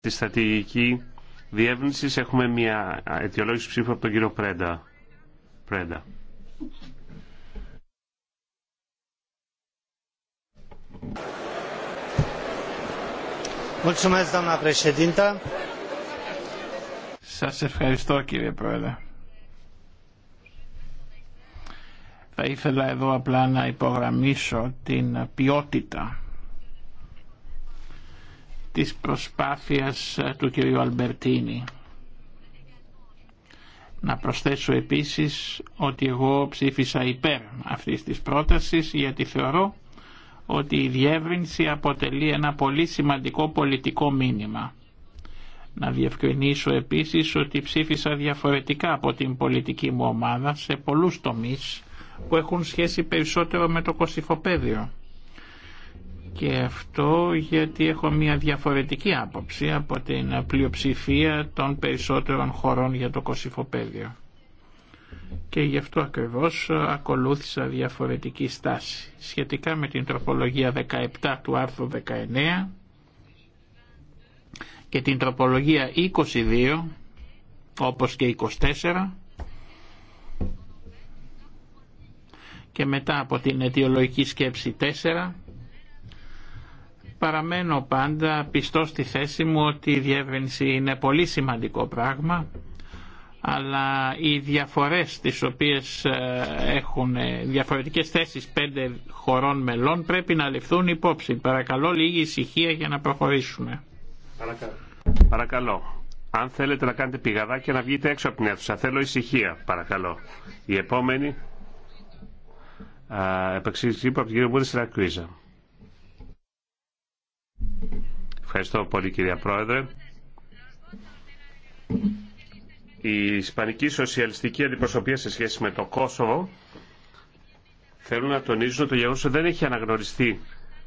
Στη στρατηγική διεύνηση έχουμε μια αιτιολόγηση ψήφου από τον κύριο Πρέντα. Πρέντα. Σας ευχαριστώ κύριε Πρόεδρε. Θα ήθελα εδώ απλά να υπογραμμίσω την ποιότητα της προσπάθειας ε, του κύριου Αλμπερτίνη. Να προσθέσω επίσης ότι εγώ ψήφισα υπέρ αυτής της πρότασης γιατί θεωρώ ότι η διεύρυνση αποτελεί ένα πολύ σημαντικό πολιτικό μήνυμα. Να διευκρινίσω επίσης ότι ψήφισα διαφορετικά από την πολιτική μου ομάδα σε πολλούς τομείς που έχουν σχέση περισσότερο με το κοσυφοπαίδιο και αυτό γιατί έχω μια διαφορετική άποψη από την πλειοψηφία των περισσότερων χωρών για το κοσυφοπαίδιο. Και γι' αυτό ακριβώς ακολούθησα διαφορετική στάση. Σχετικά με την τροπολογία 17 του άρθρου 19 και την τροπολογία 22 όπως και 24 και μετά από την αιτιολογική σκέψη 4 παραμένω πάντα πιστό στη θέση μου ότι η διεύρυνση είναι πολύ σημαντικό πράγμα αλλά οι διαφορές τις οποίες ε, έχουν διαφορετικές θέσεις πέντε χωρών μελών πρέπει να ληφθούν υπόψη. Παρακαλώ λίγη ησυχία για να προχωρήσουμε. Παρακαλώ. Παρακαλώ. Αν θέλετε να κάνετε πηγαδάκια να βγείτε έξω από την αίθουσα. Θέλω ησυχία, παρακαλώ. Η επόμενη επεξήγηση από την κυρία Μπούρη Ρακκρίζα. Ευχαριστώ πολύ κυρία Πρόεδρε. Η Ισπανική Σοσιαλιστική Αντιπροσωπεία σε σχέση με το Κόσοβο θέλουν να τονίζουν το γεγονό ότι δεν έχει αναγνωριστεί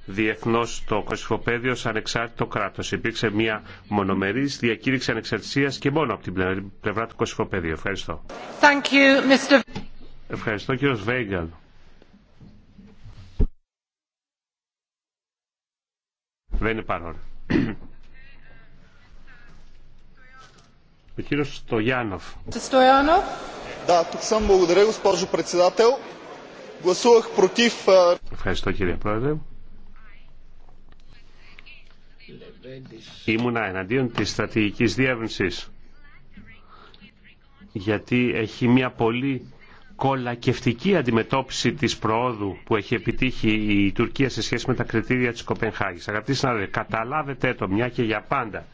διεθνώς το κοσυφοπαίδιο σαν εξάρτητο κράτος. Υπήρξε μια μονομερής διακήρυξη ανεξαρτησία και μόνο από την πλευρά του κοσυφοπαίδιου. Ευχαριστώ. Ευχαριστώ κύριο Βέγγαλ. Δεν είναι παρόν. Ο κύριος Στογιάνοφ. Ευχαριστώ κύριε Πρόεδρε. Ήμουνα εναντίον της στρατηγικής διεύρυνσης γιατί έχει μια πολύ κολακευτική αντιμετώπιση της προόδου που έχει επιτύχει η Τουρκία σε σχέση με τα κριτήρια της Κοπενχάγης. Αγαπητοί συνάδελφοι, καταλάβετε το μια και για πάντα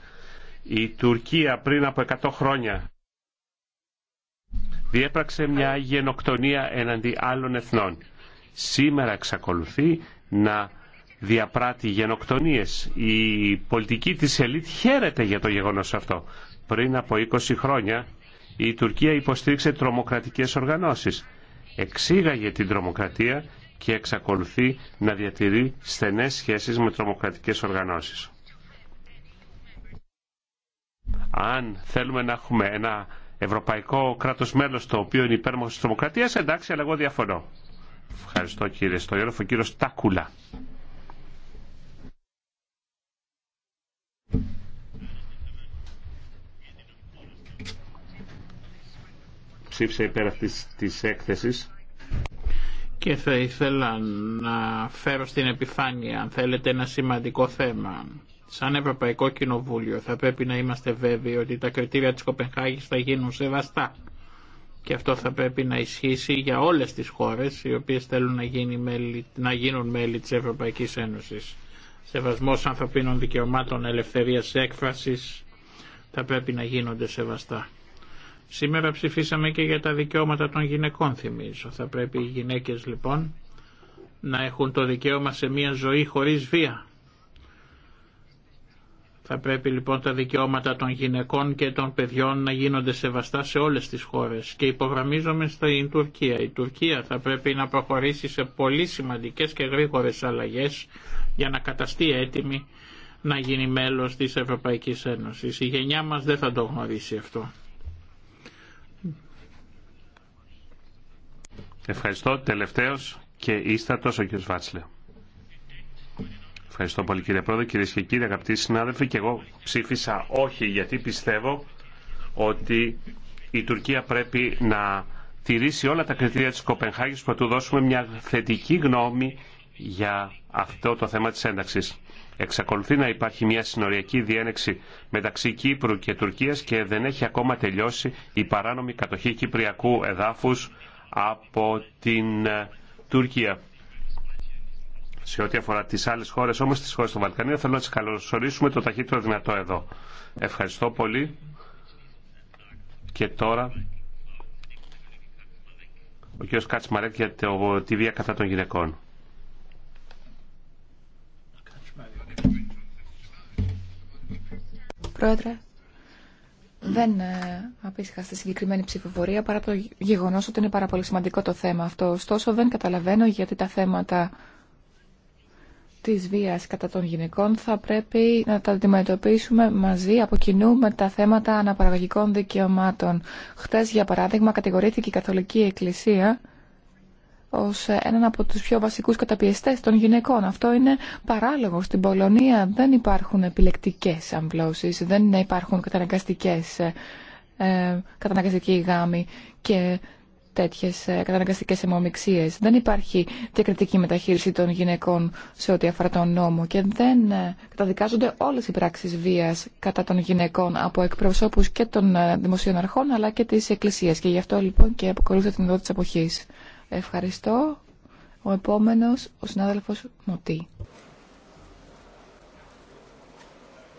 η Τουρκία πριν από 100 χρόνια διέπραξε μια γενοκτονία εναντί άλλων εθνών. Σήμερα εξακολουθεί να διαπράττει γενοκτονίες. Η πολιτική της ελίτ χαίρεται για το γεγονός αυτό. Πριν από 20 χρόνια η Τουρκία υποστήριξε τρομοκρατικές οργανώσεις. Εξήγαγε την τρομοκρατία και εξακολουθεί να διατηρεί στενές σχέσεις με τρομοκρατικές οργανώσεις. Αν θέλουμε να έχουμε ένα ευρωπαϊκό κράτος μέλος το οποίο είναι υπέρμαχος της τρομοκρατίας, εντάξει, αλλά εγώ διαφωνώ. Ευχαριστώ κύριε Στοιόροφο. Κύριο Τάκουλα. Ψήφισα υπέρ αυτής της έκθεσης και θα ήθελα να φέρω στην επιφάνεια, αν θέλετε, ένα σημαντικό θέμα σαν Ευρωπαϊκό Κοινοβούλιο θα πρέπει να είμαστε βέβαιοι ότι τα κριτήρια της Κοπενχάγης θα γίνουν σεβαστά. Και αυτό θα πρέπει να ισχύσει για όλες τις χώρες οι οποίες θέλουν να, γίνει μέλη, να γίνουν μέλη της Ευρωπαϊκής Ένωσης. Σεβασμός ανθρωπίνων δικαιωμάτων, ελευθερίας έκφρασης θα πρέπει να γίνονται σεβαστά. Σήμερα ψηφίσαμε και για τα δικαιώματα των γυναικών, θυμίζω. Θα πρέπει οι γυναίκες λοιπόν να έχουν το δικαίωμα σε μια ζωή χωρίς βία θα πρέπει λοιπόν τα δικαιώματα των γυναικών και των παιδιών να γίνονται σεβαστά σε όλες τις χώρες και υπογραμμίζομαι στην Τουρκία. Η Τουρκία θα πρέπει να προχωρήσει σε πολύ σημαντικές και γρήγορες αλλαγές για να καταστεί έτοιμη να γίνει μέλος της Ευρωπαϊκής Ένωσης. Η γενιά μας δεν θα το γνωρίσει αυτό. Ευχαριστώ. Τελευταίος και ίστατος ο κ. Ευχαριστώ πολύ κύριε Πρόεδρε, κυρίε και κύριοι, αγαπητοί συνάδελφοι. Και εγώ ψήφισα όχι γιατί πιστεύω ότι η Τουρκία πρέπει να τηρήσει όλα τα κριτήρια της Κοπενχάγης που θα του δώσουμε μια θετική γνώμη για αυτό το θέμα της ένταξης. Εξακολουθεί να υπάρχει μια συνοριακή διένεξη μεταξύ Κύπρου και Τουρκίας και δεν έχει ακόμα τελειώσει η παράνομη κατοχή κυπριακού εδάφους από την ε, Τουρκία. Σε ό,τι αφορά τι άλλε χώρε, όμω τι χώρε των Βαλκανίων, θέλω να τι καλωσορίσουμε το ταχύτερο δυνατό εδώ. Ευχαριστώ πολύ. Και τώρα ο κ. Κάτσμαρέκ για το, τη βία κατά των γυναικών. Πρόεδρε, δεν ε, στη συγκεκριμένη ψηφοφορία παρά το γεγονός ότι είναι πάρα πολύ σημαντικό το θέμα αυτό. Ωστόσο, δεν καταλαβαίνω γιατί τα θέματα της βίας κατά των γυναικών θα πρέπει να τα αντιμετωπίσουμε μαζί από κοινού με τα θέματα αναπαραγωγικών δικαιωμάτων. Χτες, για παράδειγμα, κατηγορήθηκε η Καθολική Εκκλησία ως έναν από τους πιο βασικούς καταπιεστές των γυναικών. Αυτό είναι παράλογο. Στην Πολωνία δεν υπάρχουν επιλεκτικές αμβλώσεις, δεν υπάρχουν καταναγκαστικές ε, και Τέτοιε καταναγκαστικέ αιμομιξίες. Δεν υπάρχει διακριτική μεταχείριση των γυναικών σε ό,τι αφορά τον νόμο και δεν ε, καταδικάζονται όλες οι πράξεις βίας κατά των γυναικών από εκπροσώπους και των ε, δημοσίων αρχών αλλά και τη εκκλησία. Και γι' αυτό λοιπόν και αποκολούθησα την οδό τη εποχή. Ευχαριστώ. Ο επόμενος, ο συνάδελφο Μωτή.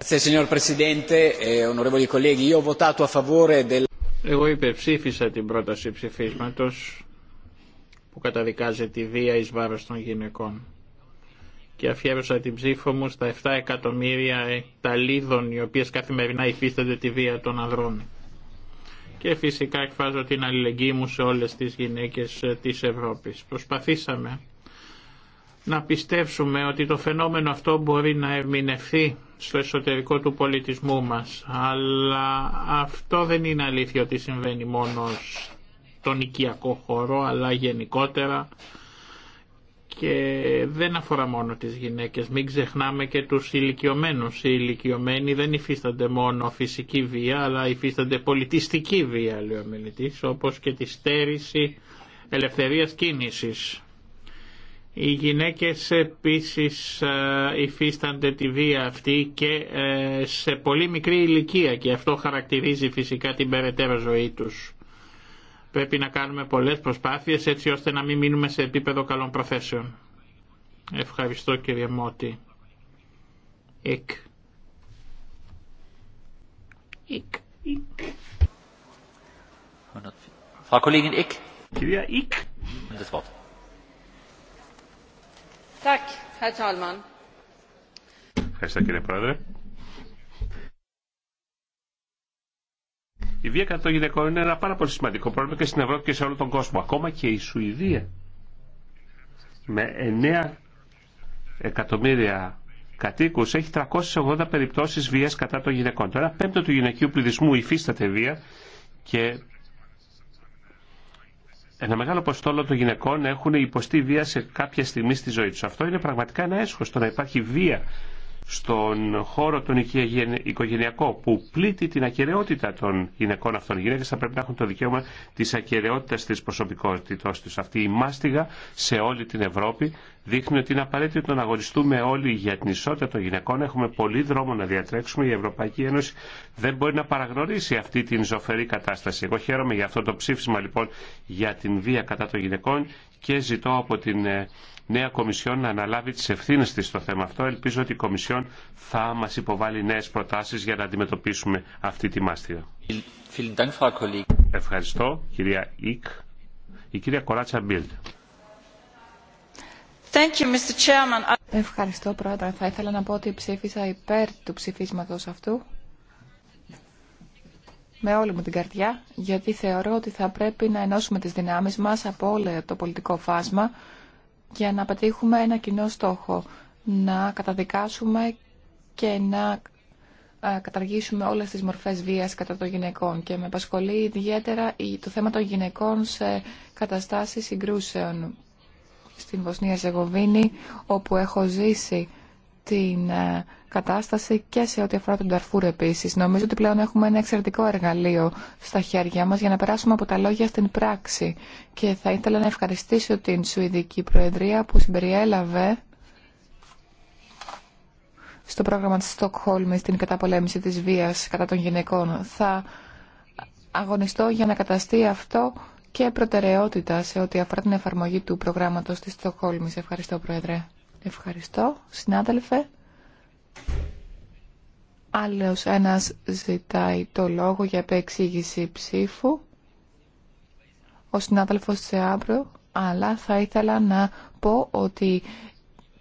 Signor εγώ υπερψήφισα την πρόταση ψηφίσματος που καταδικάζει τη βία εις βάρος των γυναικών και αφιέρωσα την ψήφο μου στα 7 εκατομμύρια ταλίδων οι οποίες καθημερινά υφίστανται τη βία των ανδρών. Και φυσικά εκφράζω την αλληλεγγύη μου σε όλες τις γυναίκες της Ευρώπης. Προσπαθήσαμε να πιστέψουμε ότι το φαινόμενο αυτό μπορεί να ερμηνευθεί στο εσωτερικό του πολιτισμού μας. Αλλά αυτό δεν είναι αλήθεια ότι συμβαίνει μόνο στον οικιακό χώρο, αλλά γενικότερα και δεν αφορά μόνο τις γυναίκες. Μην ξεχνάμε και τους ηλικιωμένου. Οι ηλικιωμένοι δεν υφίστανται μόνο φυσική βία, αλλά υφίστανται πολιτιστική βία, λέει ο όπως και τη στέρηση ελευθερίας κίνησης. Οι γυναίκες επίσης ε, υφίστανται τη βία αυτή και ε, σε πολύ μικρή ηλικία και αυτό χαρακτηρίζει φυσικά την περαιτέρω ζωή τους. Πρέπει να κάνουμε πολλές προσπάθειες έτσι ώστε να μην μείνουμε σε επίπεδο καλών προθέσεων. Ευχαριστώ κύριε Μότη. Εκ. Εκ. Εκ. Κυρία Ick. Ευχαριστώ κύριε Η βία κατά των γυναικών είναι ένα πάρα πολύ σημαντικό πρόβλημα και στην Ευρώπη και σε όλο τον κόσμο. Ακόμα και η Σουηδία με 9 εκατομμύρια κατοίκου έχει 380 περιπτώσει βία κατά των γυναικών. Τώρα πέμπτο του γυναικείου πληθυσμού υφίσταται βία και ένα μεγάλο ποστόλο των γυναικών έχουν υποστεί βία σε κάποια στιγμή στη ζωή του. Αυτό είναι πραγματικά ένα έσχο το να υπάρχει βία στον χώρο τον οικογενειακό που πλήττει την ακαιρεότητα των γυναικών αυτών. Οι γυναίκε θα πρέπει να έχουν το δικαίωμα της ακαιρεότητα της προσωπικότητας του. Αυτή η μάστιγα σε όλη την Ευρώπη δείχνει ότι είναι απαραίτητο να αγωνιστούμε όλοι για την ισότητα των γυναικών. Έχουμε πολύ δρόμο να διατρέξουμε. Η Ευρωπαϊκή Ένωση δεν μπορεί να παραγνωρίσει αυτή την ζωφερή κατάσταση. Εγώ χαίρομαι για αυτό το ψήφισμα λοιπόν για την βία κατά των γυναικών και ζητώ από την ε, νέα Κομισιόν να αναλάβει τις ευθύνες της στο θέμα αυτό. Ελπίζω ότι η Κομισιόν θα μας υποβάλει νέες προτάσεις για να αντιμετωπίσουμε αυτή τη μάστιγα. Ευχαριστώ, κυρία Ικ. Η κυρία Κοράτσα Μπίλτ. Ευχαριστώ, Πρόεδρε. Θα ήθελα να πω ότι ψήφισα υπέρ του ψηφίσματος αυτού με όλη μου την καρδιά, γιατί θεωρώ ότι θα πρέπει να ενώσουμε τις δυνάμεις μας από όλο το πολιτικό φάσμα για να πετύχουμε ένα κοινό στόχο, να καταδικάσουμε και να καταργήσουμε όλες τις μορφές βίας κατά των γυναικών και με απασχολεί ιδιαίτερα το θέμα των γυναικών σε καταστάσεις συγκρούσεων στην Βοσνία Ζεγοβίνη, όπου έχω ζήσει την ε, κατάσταση και σε ό,τι αφορά τον Ταρφούρ επίσης. Νομίζω ότι πλέον έχουμε ένα εξαιρετικό εργαλείο στα χέρια μας για να περάσουμε από τα λόγια στην πράξη. Και θα ήθελα να ευχαριστήσω την Σουηδική Προεδρία που συμπεριέλαβε στο πρόγραμμα της Στοκχόλμης την καταπολέμηση της βίας κατά των γυναικών. Θα αγωνιστώ για να καταστεί αυτό και προτεραιότητα σε ό,τι αφορά την εφαρμογή του προγράμματο τη Στοχόλμη. Ευχαριστώ, Πρόεδρε. Ευχαριστώ, συνάδελφε. Άλλο ένας ζητάει το λόγο για επεξήγηση ψήφου. Ο συνάδελφο σε αύριο, αλλά θα ήθελα να πω ότι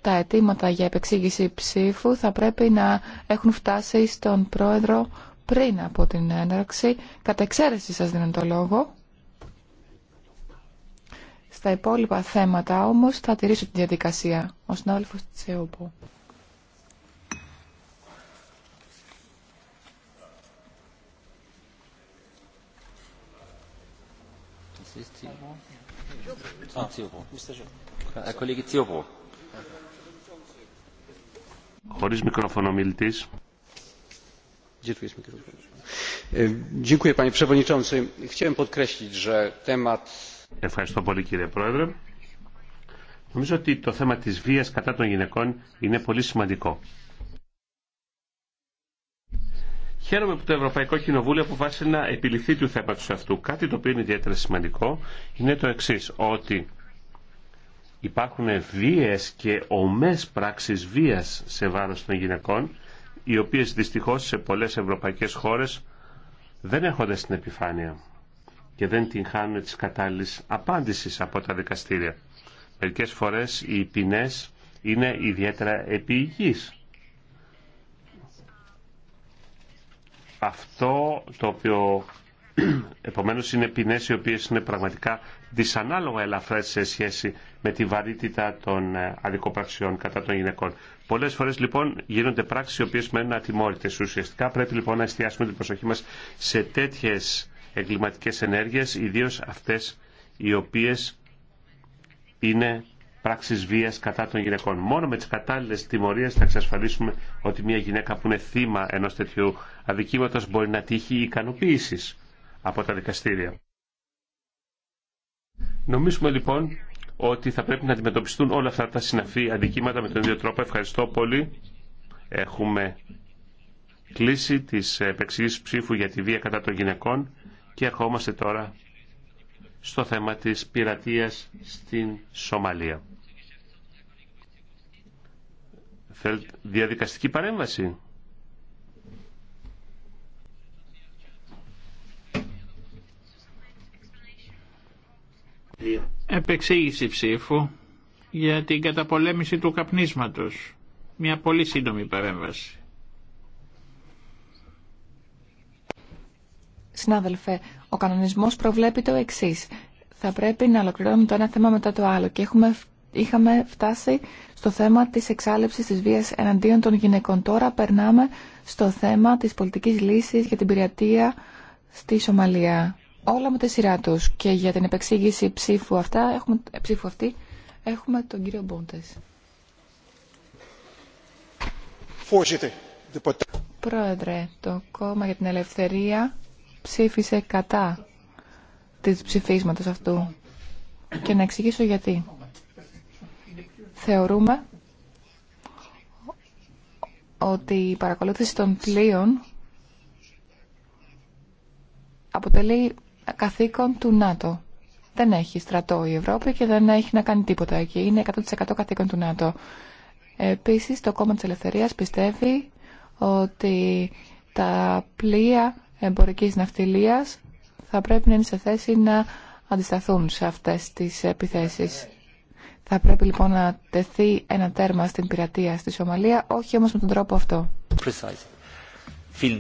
τα αιτήματα για επεξήγηση ψήφου θα πρέπει να έχουν φτάσει στον Πρόεδρο πριν από την έναρξη. Κατ' εξαίρεση σας δίνω το λόγο. Στα υπόλοιπα θέματα όμως θα τηρήσω τη διαδικασία. Ο συνάδελφος της ΕΟΠΟ. Ah, Χωρίς μικρόφωνο μιλητής. E, dziękuję panie przewodniczący. Chciałem podkreślić, że temat Ευχαριστώ πολύ κύριε Πρόεδρε. Νομίζω ότι το θέμα της βίας κατά των γυναικών είναι πολύ σημαντικό. Χαίρομαι που το Ευρωπαϊκό Κοινοβούλιο αποφάσισε να επιληθεί του θέματο αυτού. Κάτι το οποίο είναι ιδιαίτερα σημαντικό είναι το εξή: ότι υπάρχουν βίες και ομέ πράξεις βίας σε βάρος των γυναικών, οι οποίε δυστυχώ σε πολλέ ευρωπαϊκέ χώρε δεν έρχονται στην επιφάνεια και δεν την χάνουν της κατάλληλης απάντησης από τα δικαστήρια. Μερικές φορές οι ποινές είναι ιδιαίτερα επίηγείς. Αυτό το οποίο επομένως είναι ποινές οι οποίες είναι πραγματικά δυσανάλογα ελαφρές σε σχέση με τη βαρύτητα των ε, αδικοπραξιών κατά των γυναικών. Πολλές φορές λοιπόν γίνονται πράξεις οι οποίες μένουν ατιμόρυτες. Ουσιαστικά πρέπει λοιπόν να εστιάσουμε την προσοχή μας σε τέτοιες εγκληματικές ενέργειες, ιδίως αυτές οι οποίες είναι πράξεις βίας κατά των γυναικών. Μόνο με τις κατάλληλες τιμωρίες θα εξασφαλίσουμε ότι μια γυναίκα που είναι θύμα ενός τέτοιου αδικήματος μπορεί να τύχει ικανοποίησης από τα δικαστήρια. Νομίζουμε λοιπόν ότι θα πρέπει να αντιμετωπιστούν όλα αυτά τα συναφή αδικήματα με τον ίδιο τρόπο. Ευχαριστώ πολύ. Έχουμε κλείσει τις επεξηγήσεις ψήφου για τη βία κατά των γυναικών. Και ερχόμαστε τώρα στο θέμα της πειρατείας στην Σομαλία. Θέλετε διαδικαστική παρέμβαση. Επεξήγηση ψήφου για την καταπολέμηση του καπνίσματος. Μια πολύ σύντομη παρέμβαση. Συνάδελφε, ο κανονισμός προβλέπει το εξή. Θα πρέπει να ολοκληρώνουμε το ένα θέμα μετά το άλλο και έχουμε είχαμε φτάσει στο θέμα της εξάλληψης της βίας εναντίον των γυναικών. Τώρα περνάμε στο θέμα της πολιτικής λύσης για την πειρατεία στη Σομαλία. Όλα με τη σειρά τους και για την επεξήγηση ψήφου, αυτά, έχουμε, ε, ψήφου αυτή έχουμε τον κύριο Μπούντες. Πρόεδρε, το κόμμα για την ελευθερία ψήφισε κατά της ψηφίσματος αυτού και να εξηγήσω γιατί. Θεωρούμε ότι η παρακολούθηση των πλοίων αποτελεί καθήκον του ΝΑΤΟ. Δεν έχει στρατό η Ευρώπη και δεν έχει να κάνει τίποτα εκεί. Είναι 100% καθήκον του ΝΑΤΟ. Επίσης, το κόμμα της Ελευθερίας πιστεύει ότι τα πλοία εμπορικής ναυτιλίας θα πρέπει να είναι σε θέση να αντισταθούν σε αυτές τις επιθέσεις. Θα πρέπει λοιπόν να τεθεί ένα τέρμα στην πειρατεία στη Σομαλία, όχι όμως με τον τρόπο αυτό. Ähm,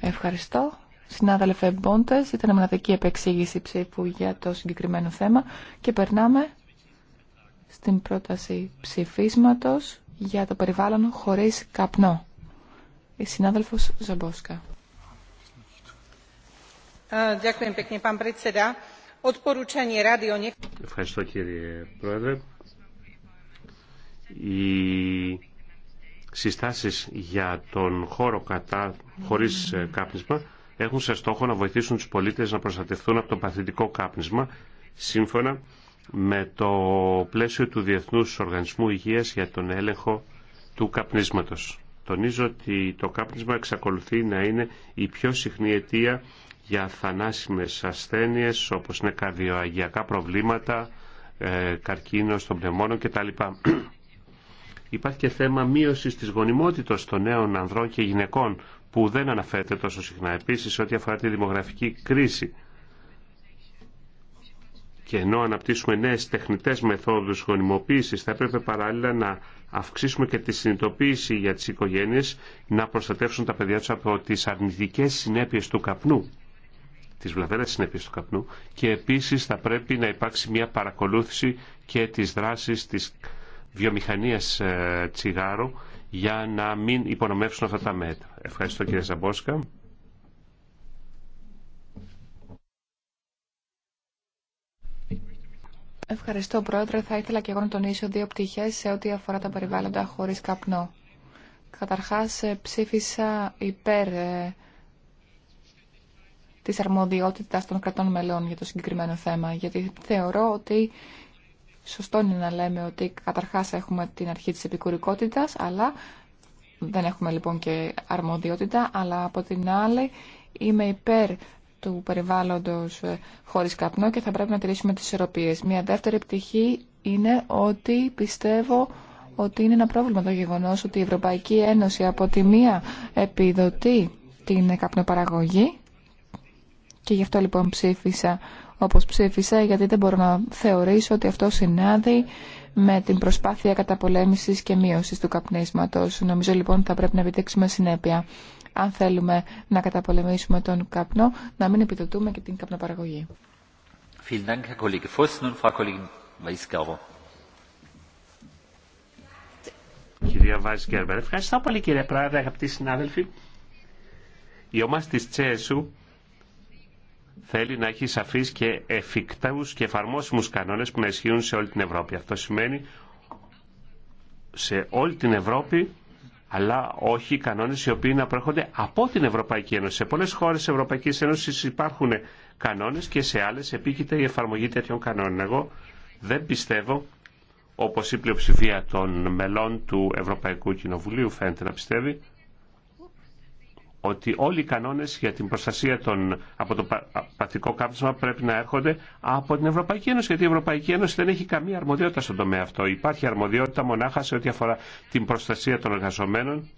Ευχαριστώ. Συνάδελφε Μπόντες, ήταν μοναδική επεξήγηση ψήφου για το συγκεκριμένο θέμα και περνάμε στην πρόταση ψηφίσματος για το περιβάλλον χωρίς καπνό. Η συνάδελφος Ζαμπόσκα. Ε, Ευχαριστώ κύριε Πρόεδρε. Οι συστάσεις για τον χώρο κατά, χωρίς ε, κάπνισμα έχουν σε στόχο να βοηθήσουν τους πολίτες να προστατευτούν από το παθητικό κάπνισμα σύμφωνα με το πλαίσιο του Διεθνούς Οργανισμού Υγείας για τον έλεγχο του καπνίσματος. Τονίζω ότι το κάπνισμα εξακολουθεί να είναι η πιο συχνή αιτία για θανάσιμες ασθένειες όπως είναι καρδιοαγιακά προβλήματα, ε, καρκίνος των πνευμόνων κτλ. Υπάρχει και θέμα μείωσης της γονιμότητας των νέων ανδρών και γυναικών που δεν αναφέρεται τόσο συχνά. Επίσης, ό,τι αφορά τη δημογραφική κρίση και ενώ αναπτύσσουμε νέες τεχνητές μεθόδους γονιμοποίησης, θα έπρεπε παράλληλα να αυξήσουμε και τη συνειδητοποίηση για τις οικογένειες να προστατεύσουν τα παιδιά τους από τις αρνητικές συνέπειες του καπνού τις είναι συνέπειες του καπνού και επίσης θα πρέπει να υπάρξει μια παρακολούθηση και της δράσης της βιομηχανίας ε, τσιγάρου για να μην υπονομεύσουν αυτά τα μέτρα. Ευχαριστώ κύριε Ζαμπόσκα. Ευχαριστώ πρόεδρε. Θα ήθελα και εγώ να τονίσω δύο πτυχές σε ό,τι αφορά τα περιβάλλοντα χωρίς καπνό. Καταρχάς ε, ψήφισα υπέρ ε, της αρμοδιότητας των κρατών μελών για το συγκεκριμένο θέμα. Γιατί θεωρώ ότι σωστό είναι να λέμε ότι καταρχάς έχουμε την αρχή της επικουρικότητας, αλλά δεν έχουμε λοιπόν και αρμοδιότητα, αλλά από την άλλη είμαι υπέρ του περιβάλλοντος ε, χωρίς καπνό και θα πρέπει να τηρήσουμε τις ισορροπίες. Μια δεύτερη πτυχή είναι ότι πιστεύω ότι είναι ένα πρόβλημα το γεγονός ότι η Ευρωπαϊκή Ένωση από τη μία επιδοτεί την καπνοπαραγωγή και γι' αυτό λοιπόν ψήφισα όπως ψήφισα, γιατί δεν μπορώ να θεωρήσω ότι αυτό συνάδει με την προσπάθεια καταπολέμησης και μείωσης του καπνίσματος. Νομίζω λοιπόν θα πρέπει να επιτύξουμε συνέπεια. Αν θέλουμε να καταπολεμήσουμε τον καπνό, να μην επιδοτούμε και την καπνοπαραγωγή. Κυρία ευχαριστώ πολύ κύριε συνάδελφοι. Η ομάδα της Τσέσου θέλει να έχει σαφείς και εφικτού και εφαρμόσιμους κανόνες που να ισχύουν σε όλη την Ευρώπη. Αυτό σημαίνει σε όλη την Ευρώπη αλλά όχι κανόνες οι οποίοι να προέρχονται από την Ευρωπαϊκή Ένωση. Σε πολλές χώρες τη Ευρωπαϊκής Ένωσης υπάρχουν κανόνες και σε άλλες επίκειται η εφαρμογή τέτοιων κανόνων. Εγώ δεν πιστεύω, όπως η πλειοψηφία των μελών του Ευρωπαϊκού Κοινοβουλίου φαίνεται να πιστεύει, ότι όλοι οι κανόνες για την προστασία των, από το παθητικό κάψιμα πρέπει να έρχονται από την Ευρωπαϊκή Ένωση, γιατί η Ευρωπαϊκή Ένωση δεν έχει καμία αρμοδιότητα στον τομέα αυτό. Υπάρχει αρμοδιότητα μονάχα σε ό,τι αφορά την προστασία των εργαζομένων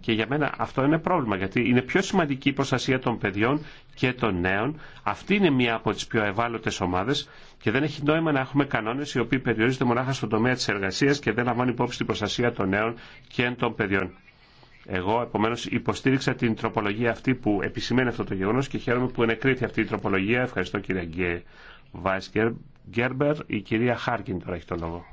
και για μένα αυτό είναι πρόβλημα, γιατί είναι πιο σημαντική η προστασία των παιδιών και των νέων. Αυτή είναι μία από τις πιο ευάλωτες ομάδες και δεν έχει νόημα να έχουμε κανόνες οι οποίοι περιορίζονται μονάχα στον τομέα τη εργασία και δεν λαμβάνουν υπόψη την προστασία των νέων και των παιδιών. Εγώ επομένω υποστήριξα την τροπολογία αυτή που επισημαίνει αυτό το γεγονό και χαίρομαι που ενεκρίθη αυτή η τροπολογία. Ευχαριστώ κύριε Γκέ Βάι Γκέρμπερ. Η κυρία Χάρκιν τώρα έχει το λόγο.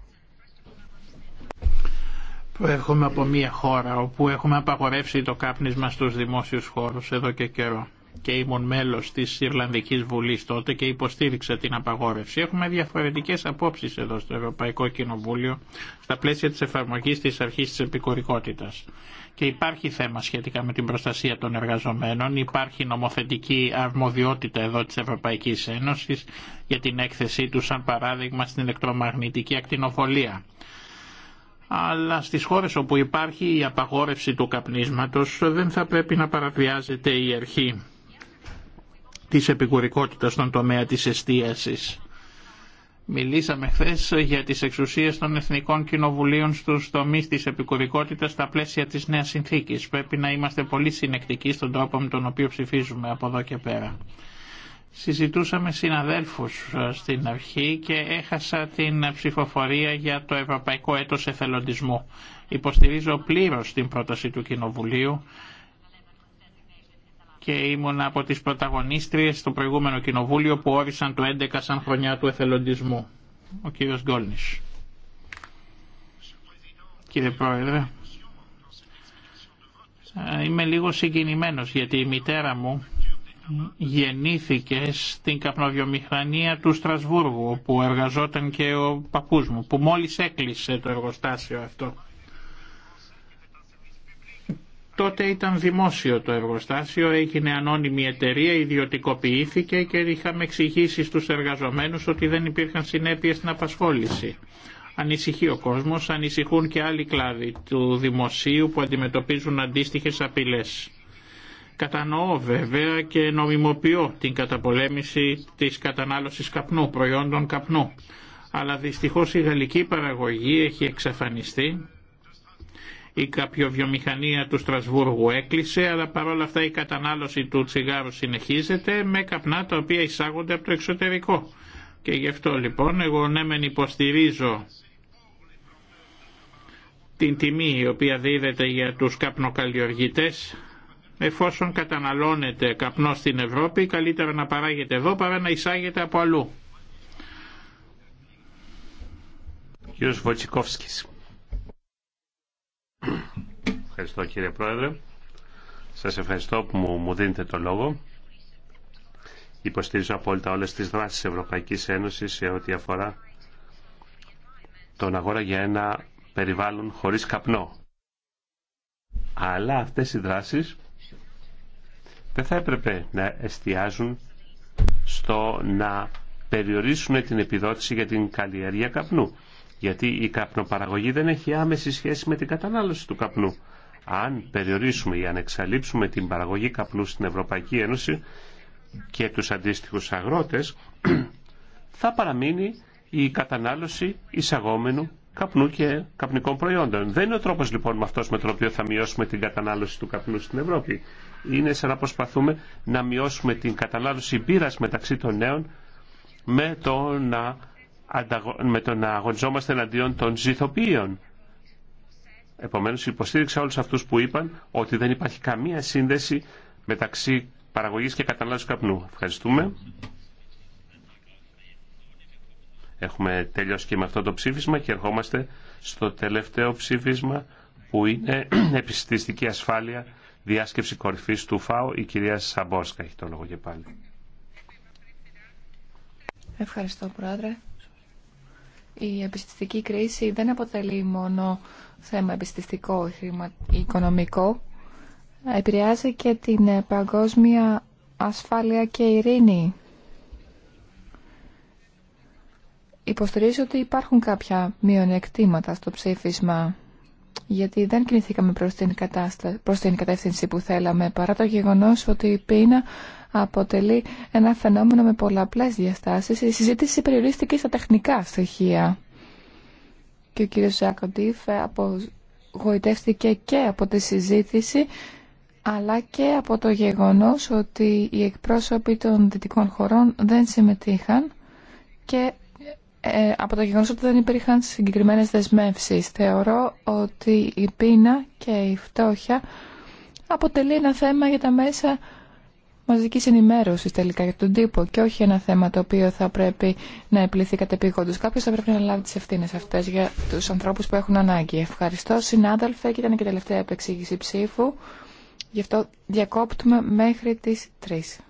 Προέρχομαι από μια χώρα όπου έχουμε απαγορεύσει το κάπνισμα στους δημόσιους χώρους εδώ και καιρό και ήμουν μέλος της Ιρλανδικής Βουλής τότε και υποστήριξα την απαγόρευση. Έχουμε διαφορετικές απόψεις εδώ στο Ευρωπαϊκό Κοινοβούλιο στα πλαίσια της εφαρμογής της αρχής της επικουρικότητας. Και υπάρχει θέμα σχετικά με την προστασία των εργαζομένων, υπάρχει νομοθετική αρμοδιότητα εδώ της Ευρωπαϊκής Ένωσης για την έκθεσή του σαν παράδειγμα στην ηλεκτρομαγνητική ακτινοβολία αλλά στις χώρες όπου υπάρχει η απαγόρευση του καπνίσματος δεν θα πρέπει να παραβιάζεται η αρχή της επικουρικότητας στον τομέα της εστίασης. Μιλήσαμε χθε για τις εξουσίες των Εθνικών Κοινοβουλίων στους τομείς της επικουρικότητας στα πλαίσια της νέας συνθήκης. Πρέπει να είμαστε πολύ συνεκτικοί στον τρόπο με τον οποίο ψηφίζουμε από εδώ και πέρα. Συζητούσαμε συναδέλφους ε, στην αρχή και έχασα την ψηφοφορία για το Ευρωπαϊκό Έτος Εθελοντισμού. Υποστηρίζω πλήρως την πρόταση του Κοινοβουλίου και ήμουν από τις πρωταγωνίστριες στο προηγούμενο κοινοβούλιο που όρισαν το 11 σαν χρονιά του εθελοντισμού. Ο κύριος Γκόλνης. Κύριε Πρόεδρε, είμαι λίγο συγκινημένος γιατί η μητέρα μου γεννήθηκε στην καπνοβιομηχανία του Στρασβούργου όπου εργαζόταν και ο παππούς μου που μόλις έκλεισε το εργοστάσιο αυτό. Τότε ήταν δημόσιο το εργοστάσιο, έγινε ανώνυμη εταιρεία, ιδιωτικοποιήθηκε και είχαμε εξηγήσει στους εργαζομένους ότι δεν υπήρχαν συνέπειες στην απασχόληση. Ανησυχεί ο κόσμος, ανησυχούν και άλλοι κλάδοι του δημοσίου που αντιμετωπίζουν αντίστοιχες απειλές. Κατανοώ βέβαια και νομιμοποιώ την καταπολέμηση της κατανάλωσης καπνού, προϊόντων καπνού. Αλλά δυστυχώς η γαλλική παραγωγή έχει εξαφανιστεί η κατανάλωση του Στρασβούργου έκλεισε, αλλά παρόλα αυτά η κατανάλωση του τσιγάρου συνεχίζεται με καπνά τα οποία εισάγονται από το εξωτερικό. Και γι' αυτό λοιπόν εγώ ναι μεν υποστηρίζω την τιμή η οποία δίδεται για τους καπνοκαλλιεργητές εφόσον καταναλώνεται καπνό στην Ευρώπη καλύτερα να παράγεται εδώ παρά να εισάγεται από αλλού. Ευχαριστώ κύριε Πρόεδρε. Σας ευχαριστώ που μου δίνετε το λόγο. Υποστηρίζω απόλυτα όλες τις δράσεις της Ευρωπαϊκής Ένωσης σε ό,τι αφορά τον αγώνα για ένα περιβάλλον χωρίς καπνό. Αλλά αυτές οι δράσεις δεν θα έπρεπε να εστιάζουν στο να περιορίσουν την επιδότηση για την καλλιέργεια καπνού. Γιατί η καπνοπαραγωγή δεν έχει άμεση σχέση με την κατανάλωση του καπνού. Αν περιορίσουμε ή αν εξαλείψουμε την παραγωγή καπνού στην Ευρωπαϊκή Ένωση και τους αντίστοιχους αγρότες, θα παραμείνει η κατανάλωση εισαγόμενου καπνού και καπνικών προϊόντων. Δεν είναι ο τρόπος λοιπόν με αυτός με τον οποίο θα μειώσουμε την κατανάλωση του καπνού στην Ευρώπη. Είναι σαν να προσπαθούμε να μειώσουμε την κατανάλωση πύρας μεταξύ των νέων με το να, με αγωνιζόμαστε εναντίον των ζηθοποιείων. Επομένως υποστήριξα όλους αυτούς που είπαν ότι δεν υπάρχει καμία σύνδεση μεταξύ παραγωγής και κατανάλωσης καπνού. Ευχαριστούμε. Έχουμε τελειώσει και με αυτό το ψήφισμα και ερχόμαστε στο τελευταίο ψήφισμα που είναι επιστηστική ασφάλεια διάσκεψη κορυφής του ΦΑΟ. Η κυρία Σαμπόσκα έχει το λόγο και πάλι. Ευχαριστώ Πρόεδρε. Η επιστηστική κρίση δεν αποτελεί μόνο θέμα επιστηστικό ή οικονομικό. Επηρεάζει και την ε, παγκόσμια ασφάλεια και ειρήνη. Υποστηρίζω ότι υπάρχουν κάποια μειονεκτήματα στο ψήφισμα, γιατί δεν κινηθήκαμε προς την, κατάστα... προς την κατεύθυνση που θέλαμε, παρά το γεγονός ότι η πείνα αποτελεί ένα φαινόμενο με πολλαπλές διαστάσεις. Η συζήτηση περιορίστηκε στα τεχνικά στοιχεία. Και ο κύριος Ζάκοντιφ απογοητεύτηκε και από τη συζήτηση αλλά και από το γεγονός ότι οι εκπρόσωποι των δυτικών χωρών δεν συμμετείχαν και ε, από το γεγονός ότι δεν υπήρχαν συγκεκριμένες δεσμεύσεις. Θεωρώ ότι η πείνα και η φτώχεια αποτελεί ένα θέμα για τα μέσα μαζική ενημέρωση τελικά για τον τύπο και όχι ένα θέμα το οποίο θα πρέπει να επιληθεί κατεπηγόντω. Κάποιο θα πρέπει να λάβει τι ευθύνε αυτέ για του ανθρώπου που έχουν ανάγκη. Ευχαριστώ, συνάδελφε, και ήταν και τελευταία επεξήγηση ψήφου. Γι' αυτό διακόπτουμε μέχρι τις 3.